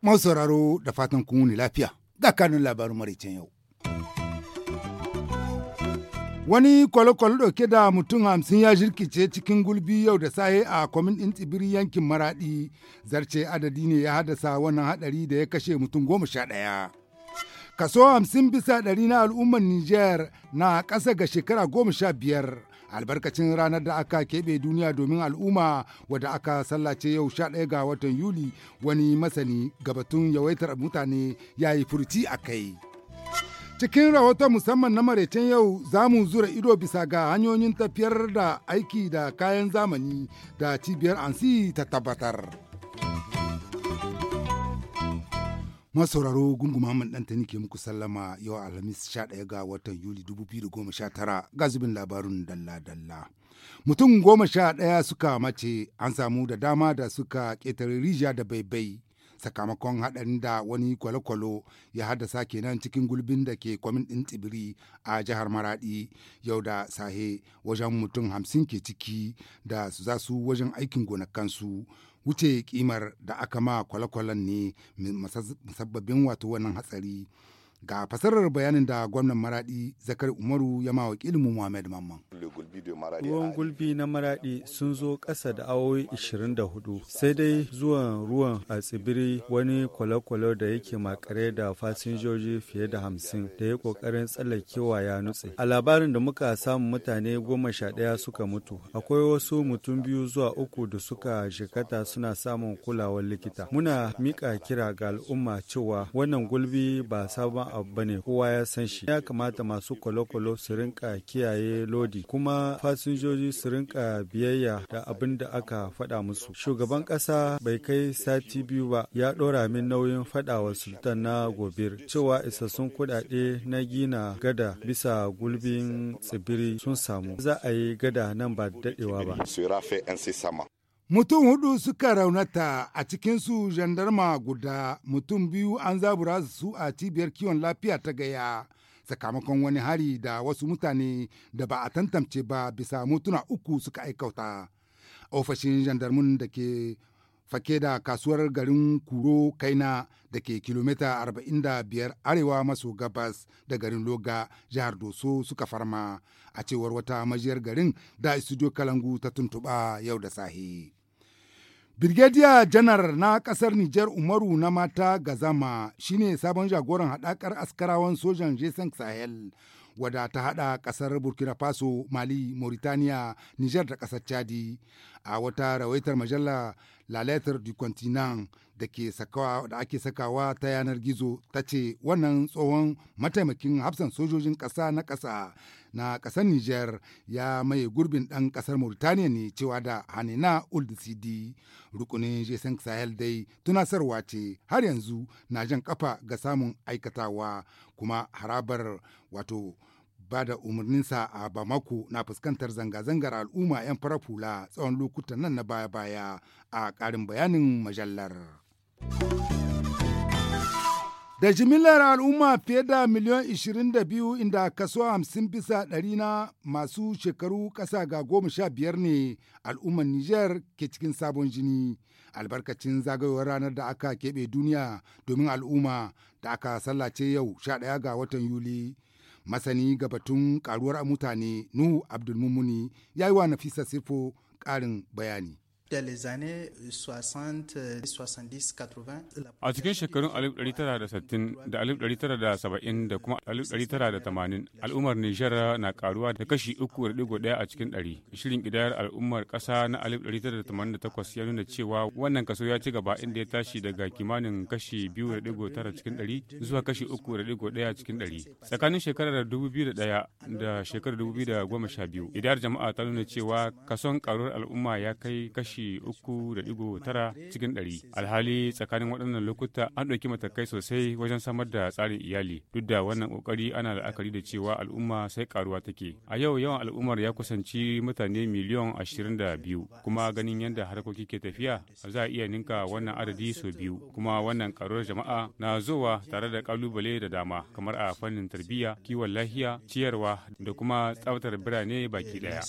Mau sauraro da fatan kun wuni lafiya ga kanun labarin maraicen yau. Wani kwale-kwale ɗauke da mutum hamsin ya jirkice cikin gulbi yau da saye a kwamin ɗin tsibiri yankin maraɗi zarce adadi ne ya haddasa wannan haɗari da ya kashe mutum goma sha ɗaya. kaso hamsin bisa ɗari na al'ummar Nijar na ƙasa ga shekara goma sha biyar. albarkacin ranar da aka keɓe duniya domin al'umma wadda aka sallace yau sha ɗaya ga watan yuli wani masani gabatun yawaitar mutane ya yi furci a kai cikin rahoton musamman na maraicen yau za mu zura ido bisa ga hanyoyin tafiyar da aiki da kayan zamani da cibiyar ansi ta tabbatar. masauraro gunguma mun ɗanta ke muku sallama yau alhamis 11 ga watan yuli dubu biyu goma 2019 ga zubin labarun dalla-dalla mutum goma sha ɗaya suka mace an samu da dama da suka ƙetare rijiya da baibai sakamakon haɗarin da wani kwalokwalo ya haddasa kenan cikin gulbin da ke kwamin ɗin tsibiri a jihar maraɗi yau da sahe wajen mutum hamsin ke ciki da su za su wajen aikin gonakansu wuce kimar da aka ma kwale-kwalen ne musabbabin wato wannan hatsari Ga fasarar bayanin da gwamnan Maradi Zakar Umaru ya ma wakilin muhammed Mamman. Ruwan gulbi na Maradi sun zo ƙasa da awowi 24 sai dai zuwan ruwan a tsibiri wani kwale-kwale da yake makare da fasinjoji fiye da hamsin da ya ƙoƙarin tsallakewa ya nutse. A labarin da muka samu mutane goma sha ɗaya suka mutu akwai wasu mutum biyu zuwa uku da suka shikata suna samun kulawar likita. Muna miƙa kira ga al'umma cewa wannan gulbi ba sabon abu bane kowa ya san shi ya kamata masu kwalokwalo su rinka kiyaye lodi kuma fasinjoji su rinka biyayya da abin da aka faɗa musu shugaban ƙasa bai kai sati biyu ba ya ɗora min nauyin faɗa wa sultan na gobir cewa isassun kuɗaɗe na gina gada bisa gulbin tsibiri sun samu za a yi gada nan ba daɗewa ba Mutum hudu suka raunata a cikinsu jandarma guda mutum biyu an zabura su a cibiyar kiwon lafiya ta gaya sakamakon wani hari da wasu mutane da ba a tantance ba bisa mutuna uku suka aikauta. Ofishin jandarmun da ke fake da kasuwar garin Kuro Kaina da ke kilomita 45 arewa maso gabas da garin Loga jihar Doso suka farma a cewar wata majiyar garin da studio Kalangu ta tuntuɓa yau da sahi. Birgediya janar na kasar Nijar Umaru na mata Gazama shine sabon jagoran hadakar askarawan sojan Jason Sahel wadda ta haɗa ƙasar Burkina Faso, Mali, Mauritania, Nijar da ƙasar Chadi. a wata rawaitar majalla La Letter du Continent da ke sakawa da ake sakawa ta yanar gizo ta ce wannan tsohon mataimakin hafsan sojojin ƙasa na kasa na ƙasar Niger ya maye gurbin ɗan ƙasar Mauritania ne cewa da Hanina Old CD rukunin Jason Sahel dai tunasarwa ce har yanzu na jan ƙafa ga samun aikatawa kuma harabar wato ba da umarninsa a Bamako na fuskantar zanga-zangar al'umma 'yan farar hula tsawon lokutan nan na baya-baya a karin bayanin majallar. Da jimillar al'umma fiye da miliyan 22 inda kaso 50 bisa ɗari na masu shekaru ƙasa ga goma sha biyar ne al'ummar Nijar ke cikin sabon jini. Albarkacin zagayowar ranar da aka keɓe duniya domin al'umma da aka sallace yau 11 ga watan Yuli. Masani ga batun karuwar mutane Nuhu Abdulmumuni ya yi wa Nafisa Sifo karin bayani. A cikin shekarun 1960 da 1970 da kuma 1980 al'ummar Nijar na karuwa da kashi 3.1 a cikin 100. Shirin kidayar al'ummar ƙasa na 1988 ya nuna cewa wannan kaso ya ci gaba inda ya tashi daga kimanin kashi 2.9 cikin 100 zuwa kashi 3.1 cikin 100. Tsakanin shekarar 2001 da shekarar 2012, idar jama'a ta nuna cewa kason karuwar al'umma ya kai kashi kashi 3.9 cikin 100 alhali tsakanin waɗannan lokuta an ɗauki matakai sosai wajen samar da tsarin iyali duk da wannan ƙoƙari ana la'akari da cewa al'umma sai karuwa take a yau yawan al'ummar ya kusanci mutane miliyan 22 kuma ganin yadda harkoki ke tafiya za a iya ninka wannan adadi sau biyu kuma wannan karuwar jama'a na zowa tare da kalubale da dama kamar a fannin tarbiyya kiwon lafiya ciyarwa da kuma tsabtar birane baki daya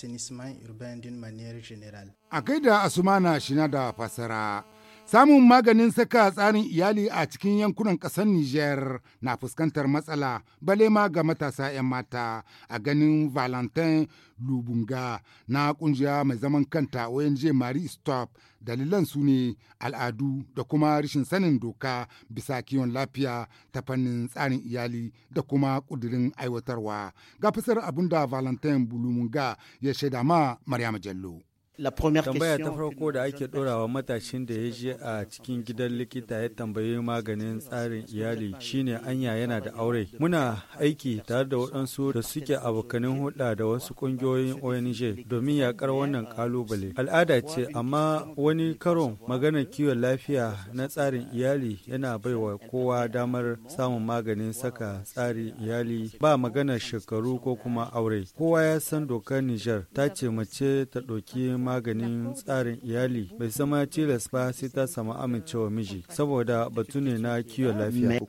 A kai da Asumana Shina da fasara. Samun maganin saka tsarin iyali a cikin yankunan ƙasar Nijar na fuskantar matsala bale ma ga matasa 'yan mata a ganin Valentin Lubunga na ƙungiya mai zaman kanta ONG Mari Stop dalilan su ne al'adu da kuma rashin sanin doka bisa kiwon lafiya ta fannin tsarin iyali da kuma ƙudirin aiwatarwa. Ga fasar abin da Valentin Lubunga ya shaida ma Maryam Jallo. tambaya ta farko da ake ɗorawa matashin da ya je a cikin gidan likita ya tambayi maganin tsarin iyali shine anya yana da aure muna aiki tare da waɗansu da suke abokanin hulɗa da wasu ƙungiyoyin ong domin yakar wannan kalubale euh, al'ada ce amma wani karon maganar kiwon lafiya na tsarin iyali yana bai wa kowa damar samun maganin saka tsarin iyali ba maganar shekaru ko kuma aure kowa ya san dokar niger ta ce mace ta ɗauki maganin tsarin iyali bai zama tilas ba sai ta samu amincewa miji saboda batu ne na kiwon lafiya.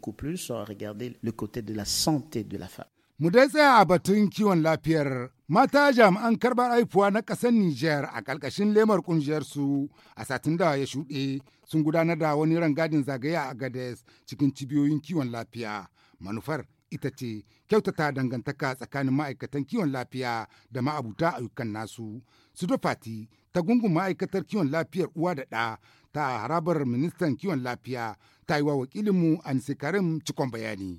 Mu dai tsaya a batun kiwon lafiyar mata jami'an karɓar haifuwa na ƙasar Nijar a ƙarƙashin lemar ƙungiyarsu a satin da ya shuɗe sun gudanar da wani rangadin zagaya a Gades cikin cibiyoyin kiwon lafiya. Manufar ita ce kyautata dangantaka tsakanin ma'aikatan kiwon lafiya da ma'abuta ayyukan nasu. Sudofati ta gungun ma'aikatar kiwon lafiyar uwa da ɗa ta harabar ministan kiwon lafiya ta yi wa wakilinmu an sikarin cikon bayani.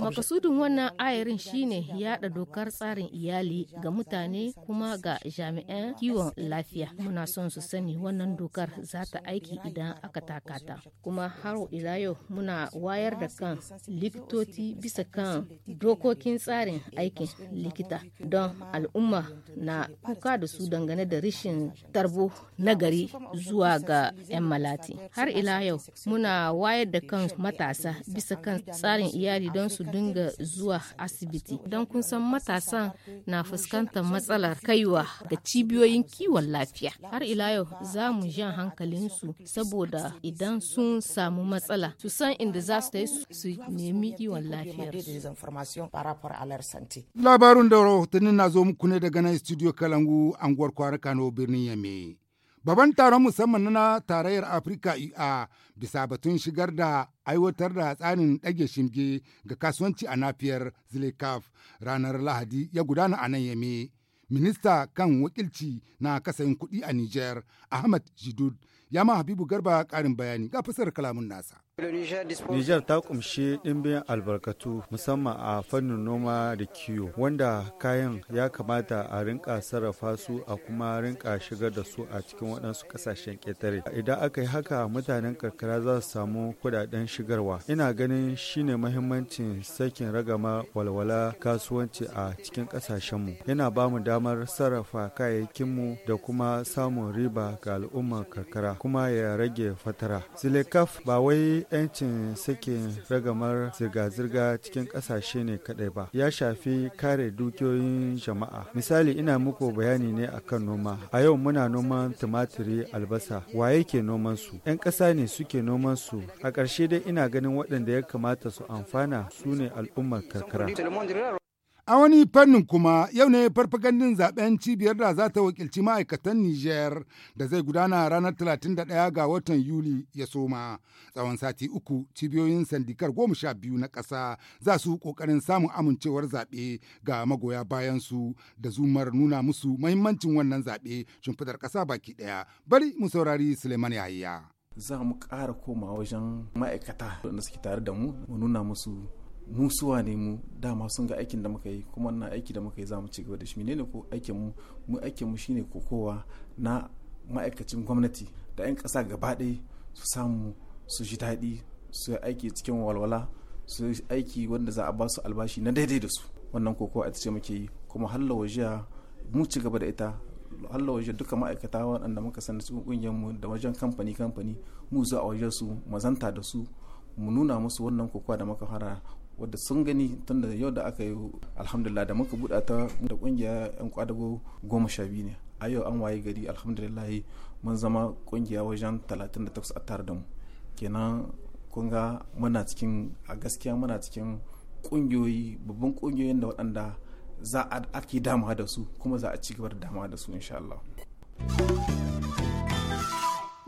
Makasudin wannan ayarin shine yaɗa dokar tsarin iyali ga mutane kuma ga jami'an kiwon lafiya. Muna son su sani wannan dokar za ta aiki idan aka takata. Kuma har ila yau muna wayar da kan likitoci bisa kan dokokin tsarin aikin likita don al'umma na kuka da su dangane da rishin tarbo na gari zuwa ga 'yan malati. Har ila yau muna wayar da kan matasa bisa kan tsarin iyali don su dinga zuwa asibiti don kun san matasan na fuskantar matsalar kaiwa ga cibiyoyin kiwon lafiya har ila yau za mu jan hankalinsu saboda idan sun samu matsala su san inda za su su nemi kiwon lafiyar labarun da rahotannin na zo muku ne daga nan studio kalangu anguwar kwara kano birnin yame Baban taron musamman na tarayyar Afirka a bisa batun shigar da aiwatar da tsarin ɗage shimge ga kasuwanci a nafiyar Zilekaf ranar Lahadi ya gudana a nan yame. Minista kan wakilci na kasayin kuɗi a Nijar, Ahmad Jidud Ya Habibu Garba karin bayani ga fasar kalamun nasa. Nijar ta kumshi ɗimbin albarkatu musamman a fannin noma da kiwo wanda kayan ya kamata a rinka sarrafa su a kuma rinka shigar da su a cikin waɗansu ƙasashen ƙetare. Idan aka yi haka mutanen karkara za su samu kuɗaɗen shigarwa. Ina ganin shine mahimmancin sakin ragama walwala kasuwanci a cikin ƙasashenmu. Yana ba mu damar sarrafa kayayyakinmu da kuma samun riba ga al'ummar karkara. kuma ya rage fatara. Silekaf ba wai 'yancin sakin ragamar zirga-zirga cikin ƙasashe ne kaɗai ba, ya shafi kare dukiyoyin jama'a. Misali ina muku bayani ne a kan noma. A yau muna noman tumatiri albasa, wa yake noman su? 'Yan ƙasa ne suke noman su. A ƙarshe dai ina ganin waɗanda ya kamata su amfana su ne al'ummar karkara. A wani fannin kuma yau ne farfagandun zaben cibiyar da za ta wakilci ma'aikatan Nijar da zai gudana ranar 31 ga watan Yuli ya soma. Tsawon sati uku cibiyoyin sandikar goma sha biyu na ƙasa za su ƙoƙarin samun amincewar zaɓe ga magoya bayansu da zumar nuna musu mahimmancin wannan zaɓe shimfidar ƙasa baki ɗaya. Bari mu saurari Suleiman Yahaya. Za mu ƙara koma wajen ma'aikata da suke tare da mu, mu nuna musu mu ne mu dama sun ga aikin da muka yi kuma na aiki da muka yi za mu ci gaba da shi menene ko aikin mu mu aikin mu shine kokowa na ma'aikacin gwamnati da 'yan kasa gaba ɗaya su samu su ji daɗi su aiki cikin walwala su aiki wanda za a ba su albashi na daidai da su wannan kokowa ita ce muke yi kuma halla wajiya mu ci gaba da ita halla wajiya duka ma'aikata waɗanda muka sani cikin ƙungiyar mu da wajen kamfani kamfani mu zuwa a wajen su mazanta da su mu nuna musu wannan kokowa da muka fara wadda sun gani tun da yau da aka yi alhamdulillah da muka buɗa ta da ƙungiya 'yan kwadago goma sha biyu ne a yau an waye gari alhamdulillah mun zama ƙungiya wajen 38 a tare da mu kenan kun ga muna cikin a gaskiya muna cikin ƙungiyoyi babban ƙungiyoyin da waɗanda za a ake damuwa da su kuma za a ci gaba da damuwa da su insha Allah.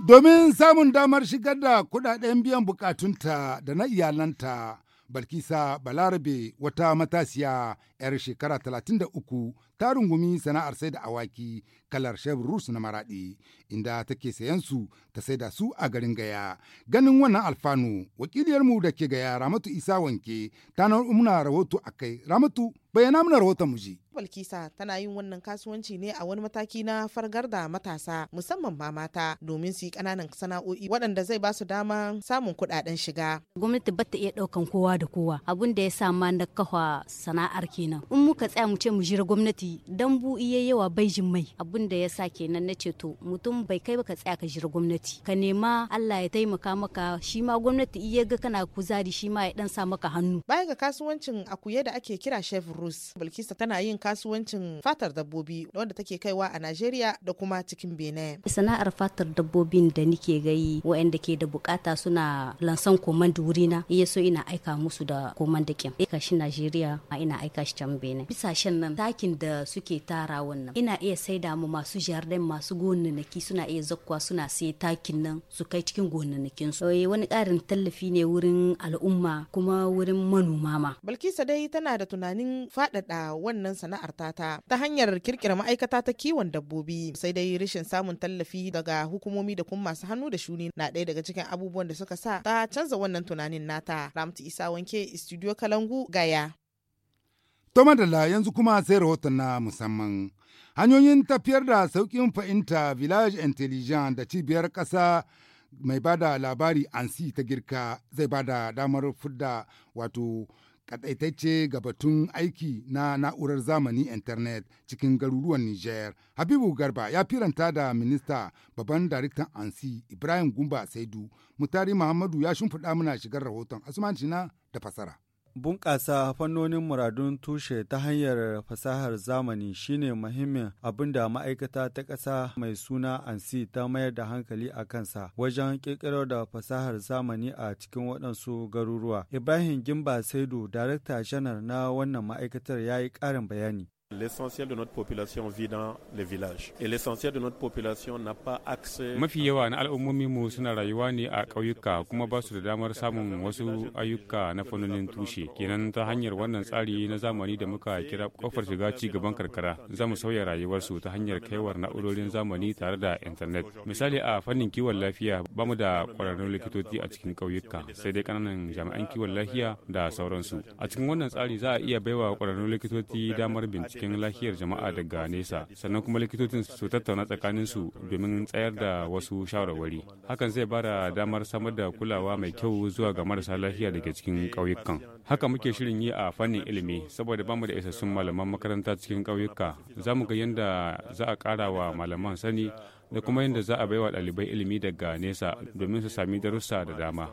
Domin samun damar shigar da kudaden biyan bukatunta da na iyalanta Balkisa Balarabe wata matasiya 'yar shekara 33 ta rungumi sana'ar sai da awaki kalar Chevrus na maraɗi inda take sayan su ta sai da su a garin Gaya. Ganin wannan alfanu wakiliyarmu da ke Gaya Ramatu Isa Wanke ta nuna rahoto a kai. Ramatu bayana muna rahoton mu Balkisa tana yin wannan kasuwanci ne a wani mataki na fargar da matasa musamman ma mata domin su yi ƙananan sana'o'i waɗanda zai ba su dama samun kuɗaɗen shiga. Gwamnati bata iya ɗaukan kowa da kowa abun da ya sa ma na kafa sana'ar kenan. In muka tsaya mu ce mu jira gwamnati dan bu iya yawa bai jin mai abun da ya sa kenan na ce to mutum bai kai ba ka tsaya ka jira gwamnati ka nema Allah ya taimaka maka shi ma gwamnati iya ga kana kuzari shi ma ya dan sa maka hannu. Baya ga kasuwancin akuya da ake kira Chevron rus Bilkisu tana yin kasuwancin fatar dabbobi wanda take kaiwa a Najeriya da kuma cikin Benin. Sana'ar fatar dabbobin da nike gayi waɗanda ke da bukata suna lansan komand wurina iya so ina aika musu da komand kin. Aika shi Najeriya a ina aika shi can Benin. Bisashen nan takin da suke tara wannan ina iya saida mu masu jardin masu gonannaki suna iya zakkuwa suna sai takin nan su kai cikin gonannakin su. Eh, wani ƙarin tallafi ne wurin al'umma kuma wurin manoma ma. Bilkisa dai tana da tunanin faɗaɗa wannan sana'ar tata ta hanyar kirkira ma'aikata ta kiwon dabbobi sai dai rashin samun tallafi daga hukumomi da kuma masu hannu da shuni na ɗaya daga cikin abubuwan da suka sa ta canza wannan tunanin nata ramtu isa wanke studio kalangu gaya to madalla yanzu kuma sai rahoton na musamman hanyoyin tafiyar da sauƙin fahimta village intelligent da cibiyar ƙasa mai bada labari ansi ta girka zai bada damar fudda wato kadaitacce gabatun aiki na na'urar zamani internet cikin garuruwan Niger. Habibu Garba ya firanta da minista babban daraktan ANSI Ibrahim Gumba Saidu, Mutari Muhammadu ya shimfiɗa muna shigar rahoton Asuman na da fasara. Bunƙasa fannonin muradun tushe ta hanyar fasahar zamani shine muhimmin abin da ma'aikata ta ƙasa mai suna ANSI ta mayar da hankali a kansa wajen ƙirƙirar da fasahar zamani a cikin waɗansu garuruwa. Ibrahim Gimba Saidu, Darakta Janar na wannan ma'aikatar ya yi ƙarin bayani. L'essentiel de notre population vit dans les villages et l'essentiel de notre population n'a pas accès Mafi yawa na al'ummomi mu suna rayuwa ne a ƙauyuka kuma ba su da damar samun wasu ayyuka na fannonin tushe kenan ta hanyar wannan tsari na zamani da muka kira kofar shiga ci gaban karkara za mu sauya rayuwarsu ta hanyar kaiwar na'urorin zamani tare da intanet misali a fannin kiwon lafiya ba mu da ƙwararrun likitoci a cikin ƙauyuka sai dai ƙananan jami'an kiwon lafiya da sauransu a cikin wannan tsari za a iya baiwa ƙwararrun likitoci damar bincike cikin lafiyar jama'a daga nesa sannan kuma likitocin su tattauna tsakanin su domin tsayar da wasu shawarwari hakan zai bada damar samar da kulawa mai kyau zuwa ga marasa lafiya daga cikin ƙauyukan haka muke shirin yi a fannin ilimi saboda bamu da isassun malaman makaranta cikin ƙauyuka za mu ga yadda za a ƙara wa malaman sani da kuma yadda za a baiwa ɗalibai ilimi daga nesa domin su sami darussa da dama.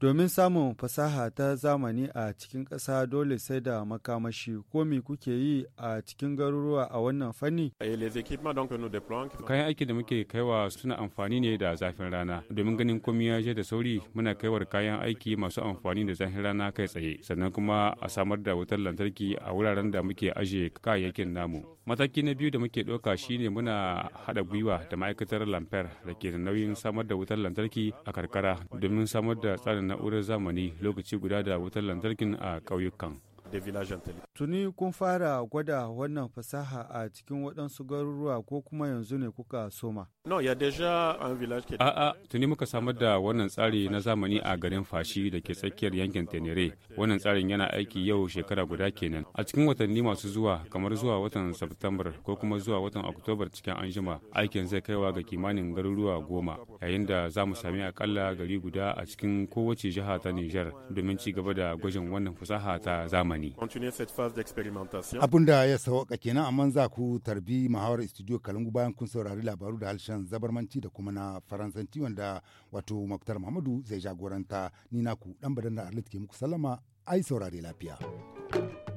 Domin samun fasaha ta zamani a cikin ƙasa dole sai da makamashi komi kuke yi a cikin garuruwa a wannan fanni. Kayan aiki da muke kaiwa suna amfani ne da zafin rana domin ganin komi ya je da sauri muna kaiwar kayan aiki masu amfani da zafin rana kai tsaye sannan kuma a samar da wutar lantarki a wuraren da muke ajiye kayayyakin namu. Mataki ne na biyu da muke ɗauka shine muna haɗa gwiwa da ma'aikatar lamfer da ke da nauyin samar da wutar lantarki a karkara domin samar da tsarin na'urar zamani lokaci guda da wutar lantarkin a ƙauyukan. da village Tuni kun fara gwada wannan fasaha a cikin waɗansu garuruwa ko kuma yanzu ne kuka soma? No, ya deja an village ke. A'a, tuni muka samar da wannan tsari na zamani a garin Fashi da ke tsakiyar yankin Tenere. Wannan tsarin yana aiki yau shekara guda kenan. A cikin watanni masu zuwa, kamar zuwa watan September ko kuma zuwa watan Oktobar cikin anjima, aikin zai kaiwa ga kimanin garuruwa goma, yayin da za mu sami akalla gari guda a cikin kowace jiha ta Nijar domin ci gaba da gwajin wannan fasaha ta zamani. zamani. Abin da ya sauka kenan amma za ku tarbi muhawar studio Kalungu bayan kun saurari labaru da harshen zabarmanci da kuma na faransanci wanda wato Muktar Muhammadu zai jagoranta ni naku dan badan da Arlit ke muku sallama ai saurari lafiya.